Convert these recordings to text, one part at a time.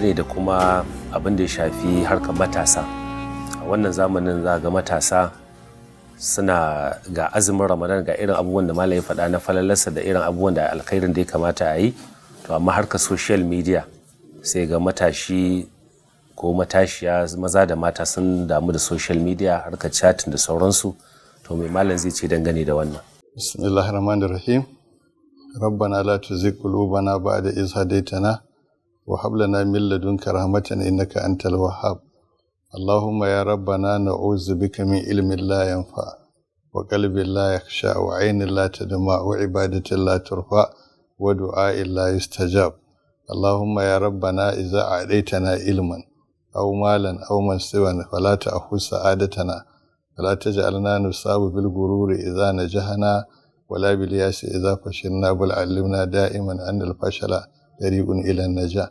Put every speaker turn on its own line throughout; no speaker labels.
ne da kuma abin da ya shafi harkar matasa a wannan zamanin za ga matasa suna ga azumin ramadan ga irin abubuwan da malam ya faɗa na falalarsa da irin abubuwan da alkhairin da ya kamata a yi to amma harkar social media sai ga matashi ko matashiya maza da mata sun damu da social media harkar chatin da sauransu to mai malam zai ce dangane da wannan bismillahir rahmanir
rahim rabbana la tuzigh qulubana ba'da iz hadaytana وهب لنا من لدنك رحمة إنك أنت الوهاب اللهم يا ربنا نعوذ بك من علم لا ينفع وقلب لا يخشع وعين لا تدمع وعبادة لا ترفع ودعاء لا يستجاب اللهم يا ربنا إذا أعطيتنا علما أو مالا أو منصبا فلا تأخذ سعادتنا ولا تجعلنا نصاب بالغرور إذا نجحنا ولا بالياس إذا فشلنا بل علمنا دائما أن الفشل tariqun ila naja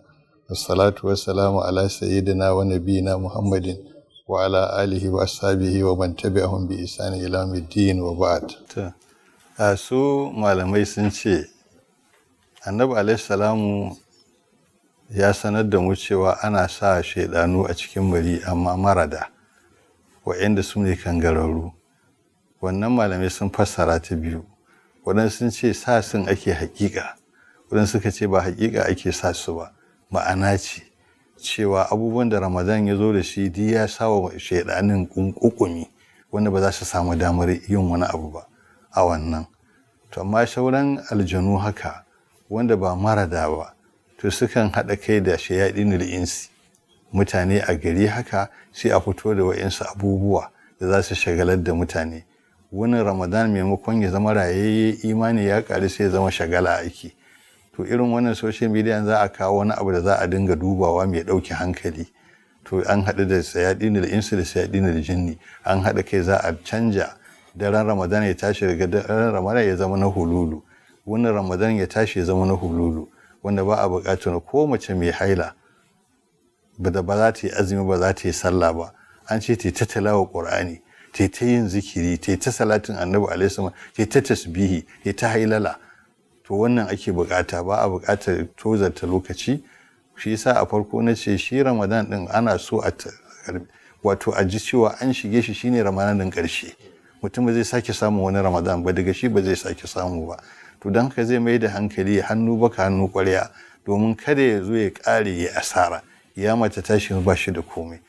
wassalatu wassalamu ala sayyidina wa nabiyyina muhammadin wa ala alihi wa ashabihi wa man tabi'ahum bi isan ila middin wa ba'd a su malamai sun ce annabi alaihi salamu ya sanar da mu cewa ana sa shaidanu a cikin bari amma marada wa'inda su ne kangararru wannan malamai sun fassara ta biyu waɗansu sun ce sa sun ake haƙiƙa wurin suka ce ba hakika ake sa su ba ma'ana ce cewa abubuwan da ramadan ya zo da shi di ya sa wa shaidanin ƙunƙuƙumi wanda ba za su samu damar yin wani abu ba a wannan to amma sauran aljanu haka wanda ba mara da ba to sukan haɗa kai da shayaɗi insi mutane a gari haka sai a fito da wa'insu abubuwa da za su shagalar da mutane wani ramadan maimakon ya zama rayayye imani ya ƙaru sai ya zama shagala aiki to irin wannan social media za a kawo wani abu da za a dinga dubawa mai ɗauke hankali to an haɗu da sayaɗini da insu da sayaɗini da jinni an haɗa kai za a canja daren ramadan ya tashi daga daren ramadan ya zama na hululu wannan ramadan ya tashi ya zama na hululu wanda ba a buƙatar ko mace mai haila ba ba za ta yi azumi ba za ta yi sallah ba an ce ta ta talawa qur'ani ta ta yin zikiri ta ta salatin annabi alaihi ta ta tasbihi ta ta hailala to wannan ake bukata ba a bukatar tozarta lokaci shi yasa a farko na ce shi ramadan din ana so a wato a ji cewa an shige shi shine ramadan din karshe mutum ba zai sake samun wani ramadan ba daga shi ba zai sake samu ba to don ka zai mai da hankali hannu baka hannu kwarya domin kada ya zo ya kare ya asara ya mace tashi ba shi da komai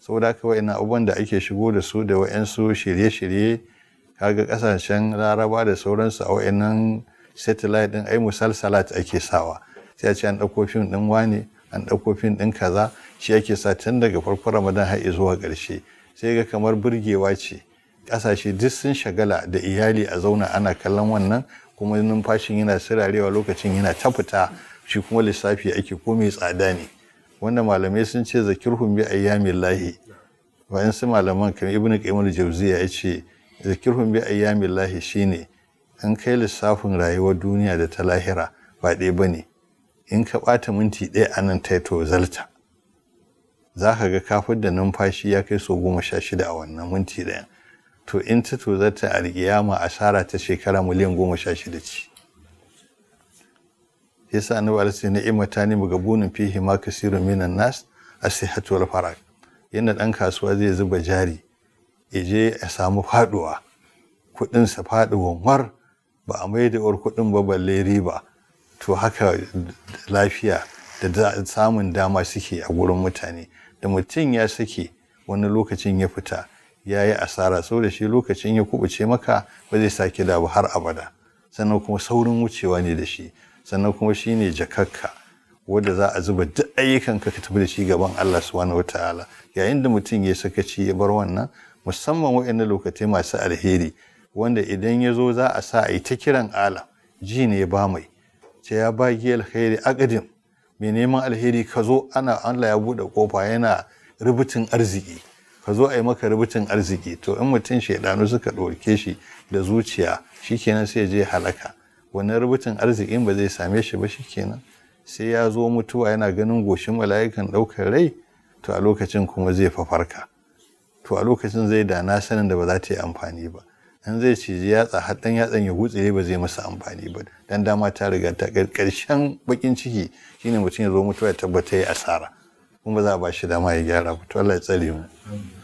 saboda haka na abubuwan da ake shigo da su da wa'ansu shirye-shirye kaga kasashen laraba da sauransu a nan satellite din ai musalsalat ake sawa sai a ce an ɗauko fim ɗin wane an ɗauko fim ɗin kaza shi ake sa tun daga farko ramadan har zuwa ƙarshe sai ga kamar burgewa ce ƙasashe duk sun shagala da iyali a zauna ana kallon wannan kuma numfashin yana sirarewa lokacin yana ta fita shi kuma lissafi ake ko mai tsada ne wanda malamai sun ce zakirhum bi ayyamin lahi bayan su malaman kamar ibnu qayyim al-jawziya ya ce zakirhum bi ayyamin lahi shine an kai lissafin rayuwar duniya da ta lahira ba ɗaya ba ne in ka ɓata minti ɗaya a nan taito zalta za ka ga kafin da numfashi ya kai sau goma sha shida a wannan minti ɗaya to in ta to zalta a rigiyama asara ta shekara miliyan goma sha shida ce yasa annabi alaihi ni'ima ta ni magabunin fihi ma kasirun minan nas as-sihhatu wal Yana yanda dan kasuwa zai zuba jari ya je ya samu faduwa kudin sa faduwan war ba a mai da uwar kuɗin ba balle riba to haka lafiya da samun dama suke a gurin mutane da mutum ya sake wani lokacin ya fita ya yi asara saboda shi lokacin ya kubuce maka ba zai sake da ba har abada sannan kuma saurin wucewa ne da shi sannan kuma shi ne jakakka wadda za a zuba duk ayyukan ka tafi da shi gaban Allah subhanahu wataala yayin da mutum ya sakaci ya bar wannan musamman waɗannan lokacin masu alheri wanda idan ya zo za a sa a yi ta kiran ala ji ne ba mai ce ya ba bagi alheri akadin mai neman alheri ka zo ana Allah ya buɗe kofa yana rubutun arziki ka zo a yi maka rubutun arziki to in mutum shaidanu suka ɗauke shi da zuciya shikenan sai je halaka wannan rubutun arzikin ba zai same shi ba shikenan sai ya zo mutuwa yana ganin goshin mala'ikan ɗaukar rai to a lokacin kuma zai fafarka to a lokacin zai dana na sanin da ba za ta yi amfani ba in zai ce yatsa har dan yatsan ya hutsire ba zai masa amfani ba dan dama ta riga ta karshen bakin ciki shine mutum ya zo mutuwa ya tabbata ya asara kuma za a ba shi dama ya gyara ba to Allah ya tsare
mu